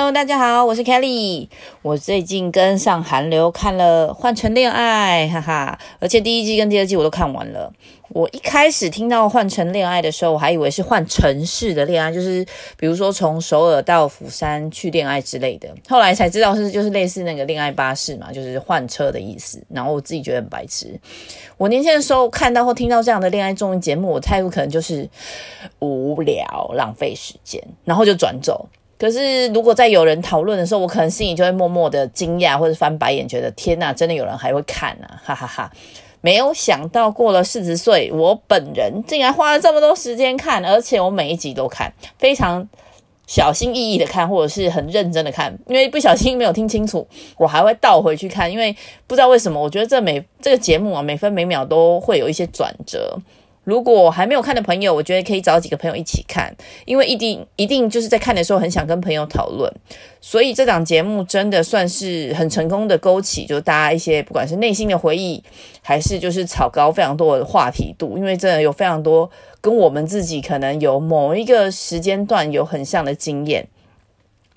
Hello，大家好，我是 Kelly。我最近跟上韓流，看了《換乘戀愛》，哈哈，而且第一季跟第二季我都看完了。我一開始聽到《換乘戀愛》的時候，我還以為是換城市的戀愛，就是比如說從首爾到釜山去戀愛之類的。後來才知道是就是類似那個戀愛巴士嘛，就是換車的意思。然後我自己覺得很白痴。我年輕的時候看到或聽到這樣的戀愛綜藝節目，我態度可能就是無聊、浪費時間，然後就轉走。可是，如果再有人討論的時候，我可能心裡就會默默的驚訝，或者翻白眼，覺得天哪，真的有人還會看啊！哈哈哈，沒有想到過了四十歲，我本人竟然花了這麼多時間看，而且我每一集都看，非常小心翼翼的看，或者是很認真的看，因為不小心沒有聽清楚，我還會倒回去看，因為不知道為什麼，我覺得這每這個節目啊，每分每秒都會有一些轉折。如果還沒有看的朋友，我覺得可以找幾個朋友一起看，因為一定一定就是在看的時候很想跟朋友討論。所以這檔節目真的算是很成功的勾起，就大家一些不管是內心的回憶，還是就是炒高非常多的話題度，因為真的有非常多跟我們自己可能有某一個時間段有很像的經驗。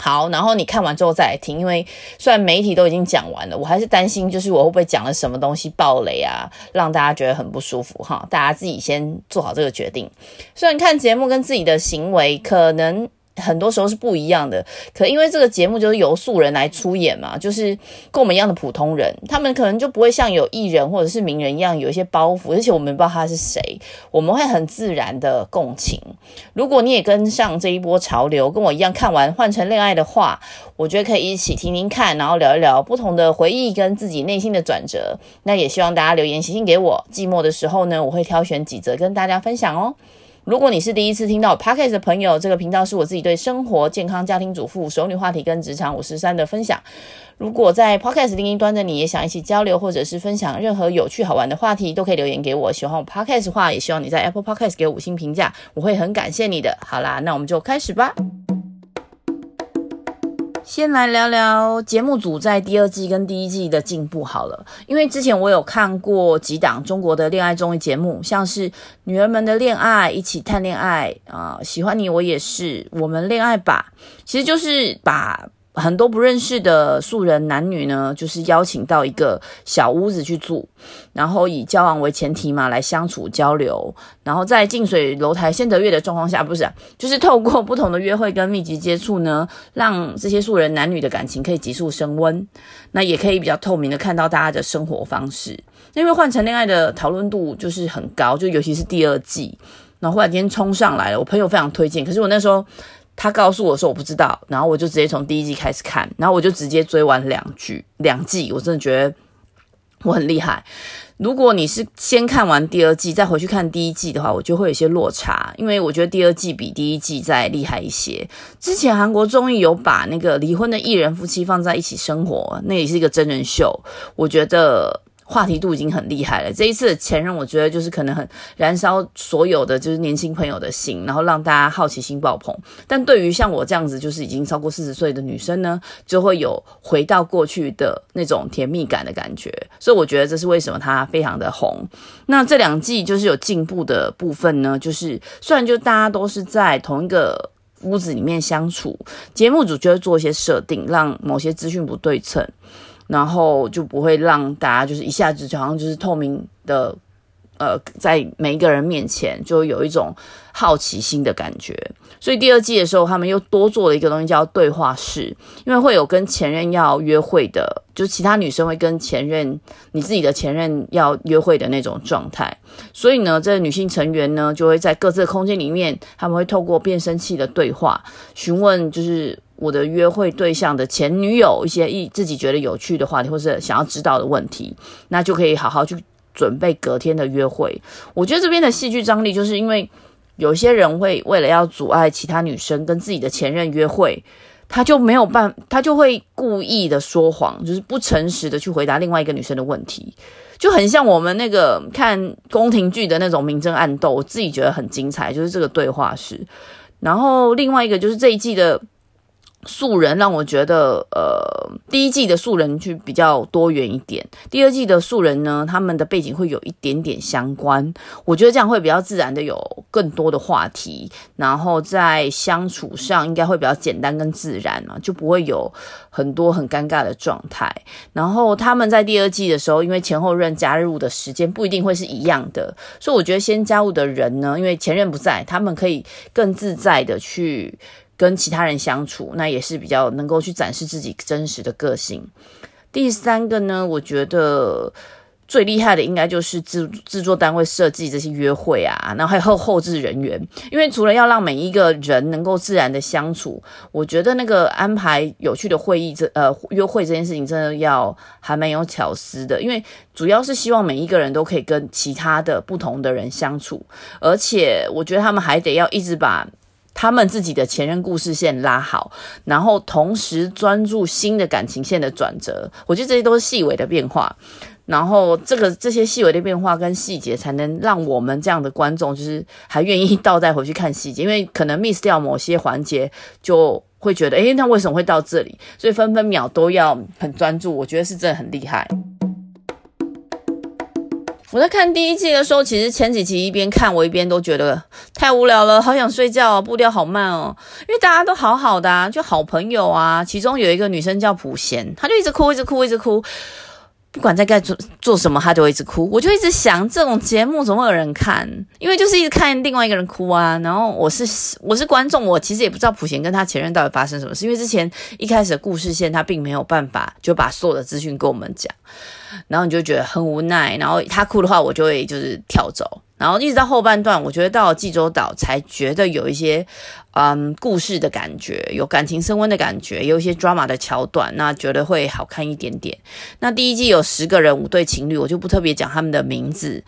好，然後你看完之後再來聽，因為雖然媒體都已經講完了，我還是擔心，就是我會不會講了什麼東西爆雷啊，讓大家覺得很不舒服哈。大家自己先做好這個決定，雖然看節目跟自己的行為可能。很多時候是不一樣的，可因為這個節目就是由素人來出演嘛，就是跟我們一樣的普通人，他們可能就不會像有藝人或者是名人一樣有一些包袱，而且我們不知道他是誰，我們會很自然的共情。如果你也跟上這一波潮流，跟我一樣看完《換乘戀愛》的話，我覺得可以一起聽聽看，然後聊一聊不同的回憶跟自己內心的轉折。那也希望大家留言寫信給我，寂寞的時候呢，我會挑選幾則跟大家分享哦。如果你是第一次聽到我 podcast 的朋友，這個頻道是我自己對生活、健康、家庭主婦、熟女話題跟職場五十三的分享。如果在 podcast 另一端的你也想一起交流或者是分享任何有趣好玩的話題，都可以留言給我。喜歡我 podcast 的話，也希望你在 Apple Podcast 給我五星評價，我會很感謝你的。好啦，那我們就開始吧。先來聊聊節目組在第二季跟第一季的進步好了，因為之前我有看過幾檔中國的戀愛綜藝節目，像是《女兒們的戀愛》、《一起談戀愛》啊、呃，《喜歡你我也是》、《我們戀愛吧》，其實就是把很多不認識的素人男女呢，就是邀請到一個小屋子去住，然後以交往為前提嘛，來相處交流，然後在近水樓台先得月的狀況下，不是啊，就是透過不同的約會跟密集接觸呢，讓這些素人男女的感情可以急速升溫，那也可以比較透明的看到大家的生活方式，因為換乘戀愛的討論度就是很高，就尤其是第二季，然後忽然間衝上來了，我朋友非常推薦，可是我那時候。他告訴我說，我不知道，然後我就直接從第一季開始看，然後我就直接追完兩季，兩季我真的覺得我很厲害。如果你是先看完第二季再回去看第一季的話，我就會有些落差，因為我覺得第二季比第一季再厲害一些。之前韓國綜藝有把那個離婚的藝人夫妻放在一起生活，那也是一個真人秀，我覺得。話題度已經很厲害了。這一次的前任，我覺得就是可能很燃燒所有的就是年輕朋友的心，然後讓大家好奇心爆棚。但對於像我這樣子就是已經超過四十歲的女生呢，就會有回到過去的那種甜蜜感的感覺。所以我覺得這是為什麼她非常的紅。那這兩季就是有進步的部分呢，就是雖然就大家都是在同一個屋子裡面相處，節目組就會做一些設定，讓某些資訊不對稱。然後就不會讓大家就是一下子好像就是透明的，呃，在每一個人面前就有一種好奇心的感覺。所以第二季的時候，他們又多做了一個東西叫對話室，因為會有跟前任要約會的，就是其他女生會跟前任，你自己的前任要約會的那種狀態。所以呢，這女性成員呢就會在各自的空間裡面，他們會透過變聲器的對話詢問，就是。我的約會對象的前女友一些一自己覺得有趣的話題，或是想要知道的問題，那就可以好好去準備隔天的約會。我覺得這邊的戲劇張力就是因為有些人會為了要阻礙其他女生跟自己的前任約會，他就沒有辦，他就會故意的說謊，就是不誠實的去回答另外一個女生的問題，就很像我們那個看宮廷劇的那種明爭暗鬥。我自己覺得很精彩，就是這個對話式。然後另外一個就是這一季的。素人讓我覺得，呃，第一季的素人去比較多元一點，第二季的素人呢，他們的背景會有一點點相關。我覺得這樣會比較自然的，有更多的話題，然後在相處上應該會比較簡單跟自然嘛，就不會有很多很尷尬的狀態。然後他們在第二季的時候，因為前後任加入的時間不一定會是一樣的，所以我覺得先加入的人呢，因為前任不在，他們可以更自在的去。跟其他人相處，那也是比較能夠去展示自己真實的個性。第三個呢，我覺得最厲害的應該就是制製作單位設計這些約會啊，然後還有後後製人員，因為除了要讓每一個人能夠自然的相處，我覺得那個安排有趣的會議這呃約會這件事情真的要還蠻有巧思的，因為主要是希望每一個人都可以跟其他的不同的人相處，而且我覺得他們還得要一直把。他們自己的前任故事線拉好，然後同時專注新的感情線的轉折，我覺得這些都是細微的變化。然後這個這些細微的變化跟細節，才能讓我們這樣的觀眾就是還願意倒帶回去看細節，因為可能 miss 掉某些環節，就會覺得誒，那為什麼會到這裡？所以分分秒都要很專注，我覺得是真的很厲害。我在看第一季的時候，其實前幾集一邊看我一邊都覺得太無聊了，好想睡覺啊，步調好慢哦，因為大家都好好的啊，就好朋友啊。其中有一個女生叫普賢，她就一直哭，一直哭，一直哭。不管在幹做做什麼，他就會一直哭，我就一直想，這種節目怎麼會有人看？因為就是一直看另外一個人哭啊。然後我是我是觀眾，我其實也不知道普賢跟他前任到底發生什麼事。因為之前一開始的故事線，他並沒有辦法就把所有的資訊跟我們講。然後你就覺得很無奈。然後他哭的話，我就會就是跳走。然後一直到後半段，我覺得到濟州島才覺得有一些，嗯，故事的感覺，有感情升溫的感覺，有一些 drama 的橋段，那覺得會好看一點點。那第一季有十個人五對情侶，我就不特別講他們的名字。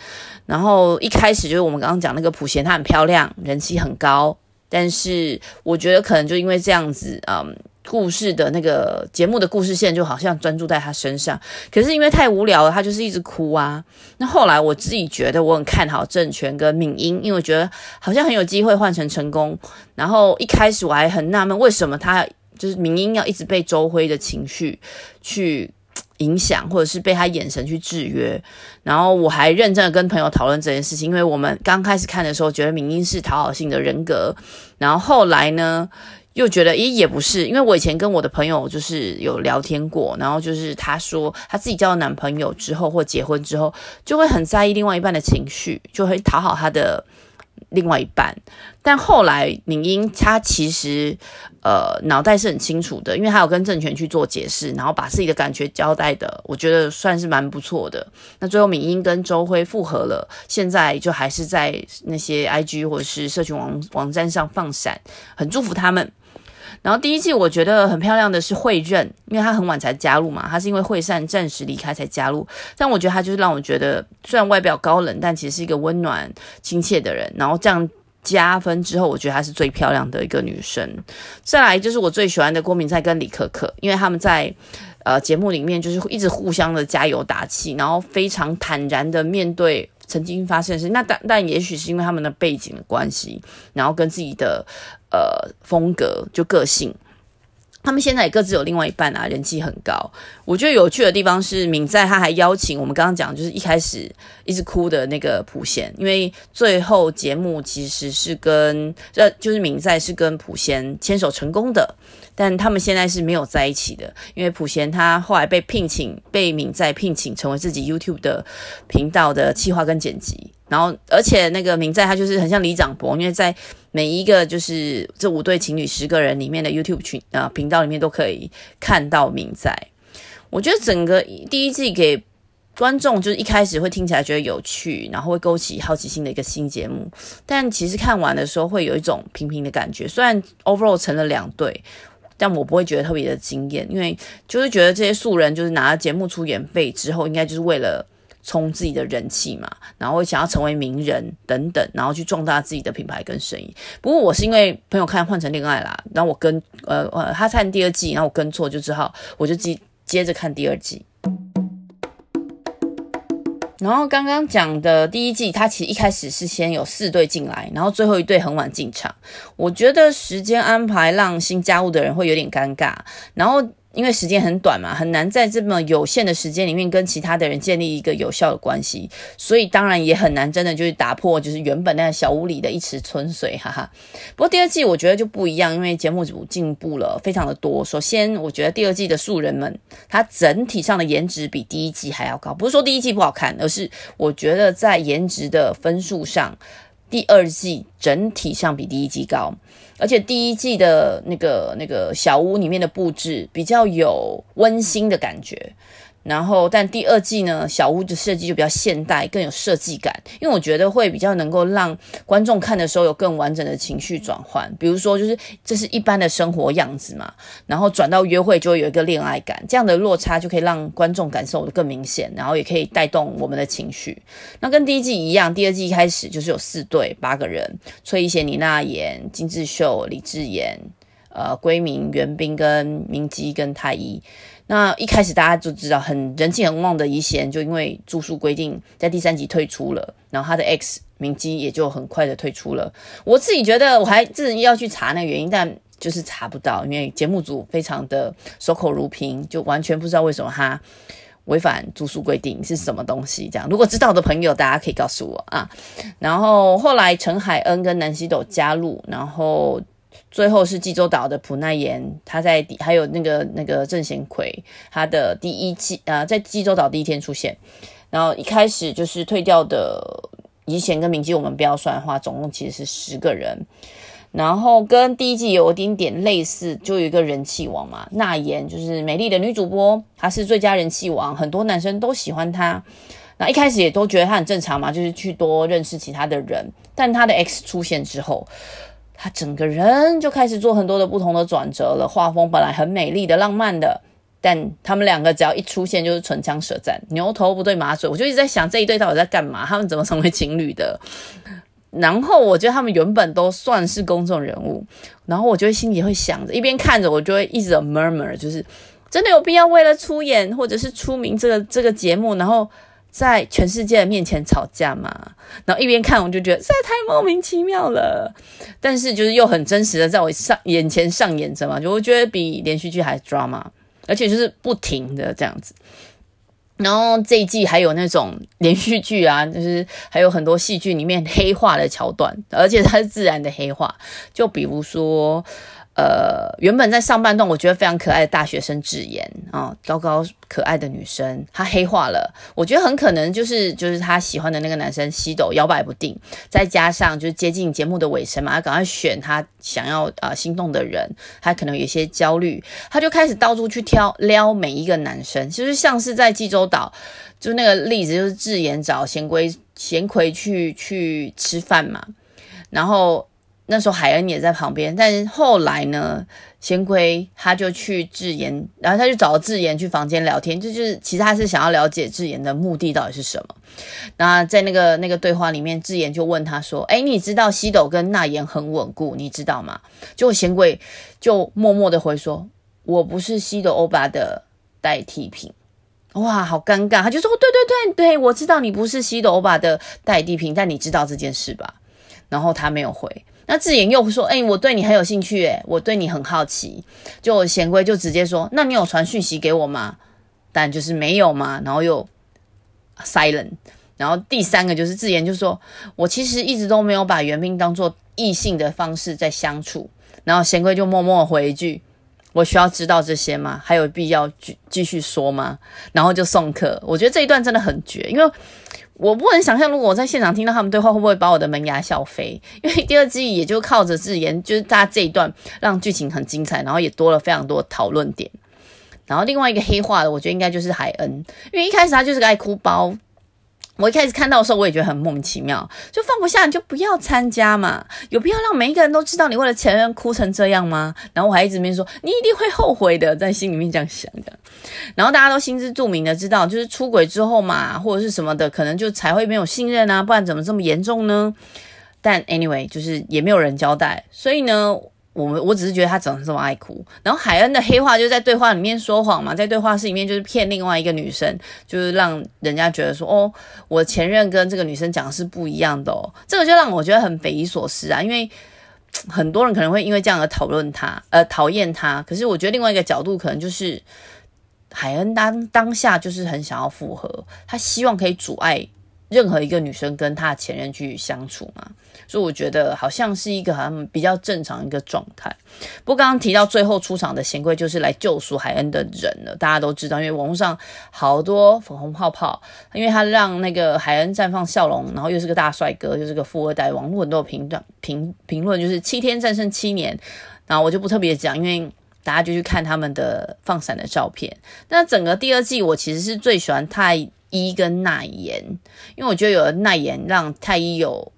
然後一開始就是我們剛剛講那個普賢，她很漂亮，人氣很高，但是我覺得可能就因為這樣子，嗯。故事的那個節目的故事線就好像專注在他身上，可是因為太無聊了，他就是一直哭啊。那後來我自己覺得我很看好政權跟敏英，因為我覺得好像很有機會換成成功。然後一開始我還很納悶，為什麼他就是敏英要一直被周輝的情緒去影響，或者是被他眼神去制約。然後我還認真的跟朋友討論這件事情，因為我們剛開始看的時候覺得敏英是討好性的人格，然後後來呢？又覺得，咦，也不是，因為我以前跟我的朋友就是有聊天過，然後就是她說，她自己交了男朋友之後或結婚之後，就會很在意另外一半的情緒，就會討好她的另外一半。但後來敏英她其實，呃，腦袋是很清楚的，因為她有跟鄭權去做解釋，然後把自己的感覺交代的，我覺得算是蠻不錯的。那最後敏英跟周輝復合了，現在就還是在那些 IG 或者是社群網網站上放閃，很祝福他們。然後第一季我覺得很漂亮的是慧仁，因為她很晚才加入嘛，她是因為慧善暫時離開才加入，但我覺得她就是讓我覺得，雖然外表高冷，但其實是一個溫暖親切的人。然後這樣加分之後，我覺得她是最漂亮的一個女生。再來就是我最喜歡的郭明在跟李可可，因為他們在呃節目裡面就是一直互相的加油打氣，然後非常坦然的面對曾經發生的事。那但但也許是因為他們的背景的關係，然後跟自己的。呃，風格就個性，他們現在也各自有另外一半啊，人氣很高。我覺得有趣的地方是，敏在他還邀請我們剛剛講，就是一開始一直哭的那個普賢，因為最後節目其實是跟，就是敏在是跟普賢牽手成功的。但他們現在是沒有在一起的，因為普賢他後來被聘請，被敏在聘請成為自己 YouTube 的頻道的企劃跟剪輯。然後，而且那個敏在他就是很像李長博，因為在每一個就是這五對情侶十個人裡面的 YouTube 群、呃頻道裡面都可以看到敏在。我覺得整個第一季給觀眾就是一開始會聽起來覺得有趣，然後會勾起好奇心的一個新節目。但其實看完的時候會有一種平平的感覺，雖然 overall 成了兩對。但我不會覺得特別的驚艷，因為就是覺得這些素人就是拿了節目出演費之後，應該就是為了衝自己的人氣嘛，然後想要成為名人等等，然後去壯大自己的品牌跟生意。不過我是因為朋友看換乘戀愛啦，然後我跟呃呃他看第二季，然後我跟錯就只好我就繼接着看第二季。然後剛剛講的第一季，它其實一開始是先有四隊進來，然後最後一隊很晚進場。我覺得時間安排讓新加入的人會有點尷尬。然後。因為時間很短嘛，很難在這麼有限的時間裡面跟其他的人建立一個有效的關係，所以當然也很難真的就是打破就是原本那個小屋裡的一池春水，哈哈。不過第二季我覺得就不一樣，因為節目組進步了非常的多。首先，我覺得第二季的素人們，他整體上的顏值比第一季還要高，不是說第一季不好看，而是我覺得在顏值的分數上。第二季整體上比第一季高，而且第一季的那個那個小屋裡面的佈置比較有溫馨的感覺。然後，但第二季呢，小屋的設計就比較現代，更有設計感。因為我覺得會比較能夠讓觀眾看的時候有更完整的情緒轉換。比如說，就是這是一般的生活樣子嘛，然後轉到約會就會有一個戀愛感，這樣的落差就可以讓觀眾感受得更明顯，然後也可以帶動我們的情緒。那跟第一季一樣，第二季一開始就是有四對八個人，崔顯、李娜妍、金智秀、李智妍、呃，圭明、元彬跟明基跟太一。那一開始大家就知道很人氣很旺的疑賢，就因為住宿規定在第三集退出了，然後他的 X 名基也就很快的退出了。我自己覺得，我還自己要去查那個原因，但就是查不到，因為節目組非常的守口如瓶，就完全不知道為什麼他違反住宿規定是什麼東西。這樣，如果知道的朋友，大家可以告訴我啊。然後後來陳海恩跟南希斗加入，然後。最後是濟州島的普奈妍，她在還有那個那個鄭賢奎，他的第一季啊、呃，在濟州島第一天出現，然後一開始就是退掉的，怡賢跟明基我們不要算的話，總共其實是十個人，然後跟第一季有一點點類似，就有一個人氣王嘛，奈妍就是美麗的女主播，她是最佳人氣王，很多男生都喜歡她，那一開始也都覺得她很正常嘛，就是去多認識其他的人，但她的 X 出現之後。他整個人就開始做很多的不同的轉折了，畫風本來很美麗的、浪漫的，但他們兩個只要一出現就是唇槍舌戰、牛頭不對馬嘴，我就一直在想這一對到底在幹嘛？他們怎麼成為情侶的？然後我覺得他們原本都算是公眾人物，然後我就會心裡會想着，一邊看着我就會一直的 murmur，就是真的有必要為了出演或者是出名這個這個節目，然後。在全世界的面前吵架嘛，然後一邊看我就覺得實在太莫名其妙了，但是就是又很真實的在我上眼前上演着嘛，就我覺得比連續劇還 drama，而且就是不停的這樣子。然後這一季還有那種連續劇啊，就是還有很多戲劇裡面黑化的橋段，而且它是自然的黑化，就比如說。呃，原本在上半段我覺得非常可愛的大學生智妍啊，糟糕、哦、糟糕可愛的女生，她黑化了。我覺得很可能就是就是她喜歡的那個男生西斗搖擺不定，再加上就是接近節目的尾聲嘛，她趕快選她想要啊、呃、心動的人，她可能有些焦慮，她就開始到處去挑撩每一個男生，就是像是在濟州島，就那個例子就是智妍找賢奎，賢奎去去吃飯嘛，然後。那時候海恩也在旁邊，但是後來呢，賢圭他就去智妍，然後他就找了智妍去房間聊天，就、就是其實他是想要了解智妍的目的到底是什麼。那在那個那個對話裡面，智妍就問他說：“哎、欸，你知道西斗跟娜妍很穩固，你知道嗎？”就賢圭就默默的回說：“我不是西斗歐巴的代替品。”哇，好尷尬！他就說：“對對對對，我知道你不是西斗歐巴的代替品，但你知道這件事吧？”然後他沒有回。那智妍又說：“哎、欸，我對你很有興趣、欸，哎，我對你很好奇。就”就賢圭就直接說：“那你有傳訊息給我嗎？但就是沒有嘛。然後又 silent。然後第三個就是智妍就說：“我其實一直都沒有把元彬當作異性的方式在相處。”然後賢圭就默默回一句：“我需要知道這些嗎？還有必要繼繼續說嗎？”然後就送客。我覺得這一段真的很絕，因為。我不能想象，如果我在現場聽到他們對話，會不會把我的門牙笑飛？因為第二季也就靠着自言，就是大家這一段讓劇情很精彩，然後也多了非常多討論點。然後另外一個黑化的，我覺得應該就是海恩，因為一開始他就是個愛哭包。我一開始看到的時候，我也覺得很莫名其妙，就放不下你就不要參加嘛，有必要讓每一個人都知道你為了前任哭成這樣嗎？然後我還一直沒說，你一定會後悔的，在心裡面這樣想的。然後大家都心知肚明的知道，就是出軌之後嘛，或者是什麼的，可能就才會沒有信任啊，不然怎麼這麼嚴重呢？但 anyway，就是也沒有人交代，所以呢。我我只是覺得他怎麼這麼愛哭，然後海恩的黑話就在對話裡面說謊嘛，在對話室裡面就是騙另外一個女生，就是讓人家覺得說哦，我前任跟這個女生講的是不一樣的哦，這個就讓我覺得很匪夷所思啊，因為很多人可能會因為這樣而討論他，呃，討厭他。可是我覺得另外一個角度可能就是海恩當當下就是很想要復合，他希望可以阻礙。任何一個女生跟她的前任去相處嘛，所以我覺得好像是一個好像比較正常一個狀態。不過剛剛提到最後出場的賢圭就是來救贖海恩的人了，大家都知道，因為網絡上好多粉紅泡泡，因為他讓那個海恩綻放笑容，然後又是個大帥哥，又是個富二代，網絡很多評論評評論就是七天戰勝七年，然後我就不特別講，因為大家就去看他們的放閃的照片。那整個第二季我其實是最喜歡太一跟奈言，因為我覺得有了奈言讓太一有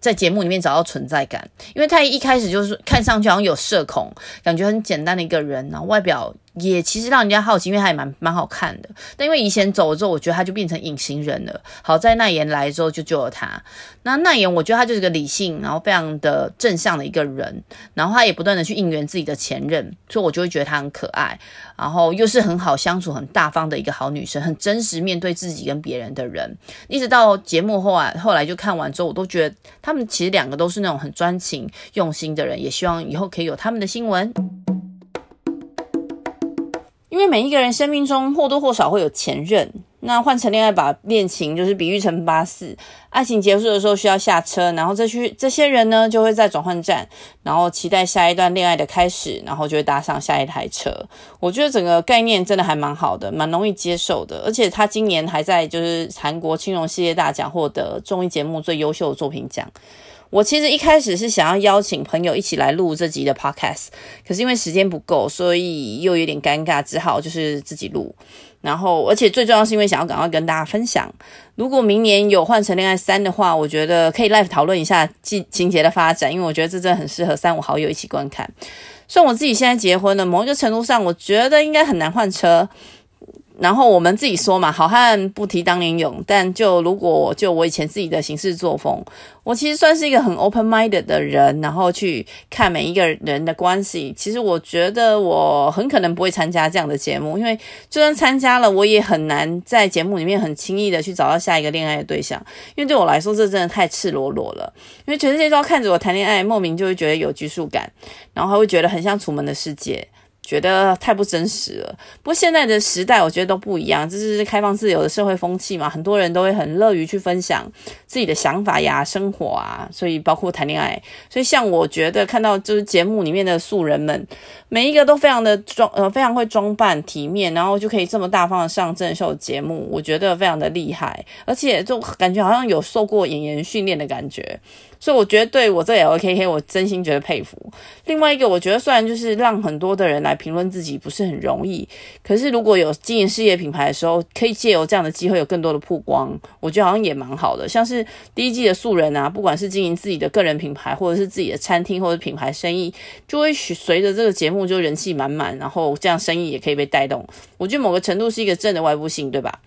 在節目裡面找到存在感，因為太一一開始就是看上去好像有社恐，感覺很簡單的一個人，然後外表。也其實讓人家好奇，因為他也蠻蠻好看的。但因為以前走了之後，我覺得他就變成隱形人了。好在娜妍來之後就救了他。那娜妍我覺得他就是個理性，然後非常的正向的一個人。然後他也不斷的去應援自己的前任，所以我就會覺得他很可愛。然後又是很好相處、很大方的一個好女生，很真實面對自己跟別人的人。一直到節目後啊，後來就看完之後，我都覺得他們其實兩個都是那種很專情、用心的人，也希望以後可以有他們的新聞。因為每一個人生命中或多或少會有前任，那換乘戀愛把戀情就是比喻成巴士，愛情結束的時候需要下車，然後再去這些人呢就會在轉換站，然後期待下一段戀愛的開始，然後就會搭上下一台車。我覺得整個概念真的還蠻好的，蠻容易接受的，而且他今年還在就是韓國青龍系列大獎獲得綜藝節目最優秀的作品獎。我其實一開始是想要邀請朋友一起來錄這集的 podcast，可是因為時間不夠，所以又有點尷尬，只好就是自己錄。然後，而且最重要是因為想要趕快跟大家分享。如果明年有換乘《戀愛三》的話，我覺得可以 live 討論一下情節的發展，因為我覺得這真的很適合三五好友一起觀看。算我自己現在結婚了，某一個程度上，我覺得應該很難換車。然後我們自己說嘛，好漢不提當年勇。但就如果就我以前自己的行事作風，我其實算是一個很 open minded 的人，然後去看每一個人的關係。其實我覺得我很可能不會參加這樣的節目，因為就算參加了，我也很難在節目裡面很輕易的去找到下一個戀愛的對象。因為對我來說，這真的太赤裸裸了。因為全世界都要看着我談戀愛，莫名就會覺得有拘束感，然後還會覺得很像楚門的世界。覺得太不真實了。不過現在的時代，我覺得都不一樣，就是開放自由的社會風氣嘛，很多人都會很樂於去分享自己的想法呀、生活啊，所以包括談戀愛。所以像我覺得看到就是節目裡面的素人們，每一個都非常的裝呃，非常會裝扮體面，然後就可以這麼大方的上真人秀節目，我覺得非常的厲害，而且就感覺好像有受過演員訓練的感覺。所以我覺得對我這 LKK，OK，我真心覺得佩服。另外一個，我覺得雖然就是讓很多的人來，評論自己不是很容易，可是如果有經營事業品牌的時候，可以借由這樣的機會有更多的曝光，我覺得好像也蠻好的。像是第一季的素人啊，不管是經營自己的個人品牌，或者是自己的餐廳或者品牌生意，就會隨着這個節目就人氣滿滿，然後這樣生意也可以被帶動。我覺得某個程度是一個正的外部性，對吧？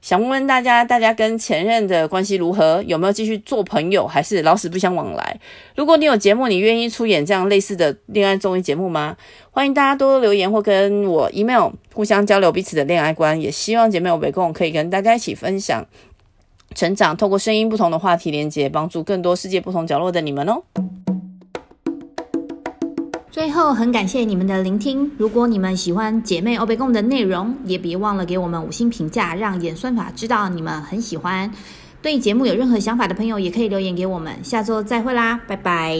想問問大家，大家跟前任的關係如何？有沒有繼續做朋友，還是老死不相往來？如果你有節目，你願意出演這樣類似的戀愛綜藝節目嗎？歡迎大家多多留言或跟我 email 互相交流彼此的戀愛觀。也希望姐妹有北貢可以跟大家一起分享成長，透過聲音不同的話題連接，幫助更多世界不同角落的你們哦。最後，很感謝你們的聆聽。如果你們喜歡姐妹歐北共的內容，也別忘了給我們五星評價，讓演算法知道你們很喜歡。對節目有任何想法的朋友，也可以留言給我們。下周再會啦，拜拜。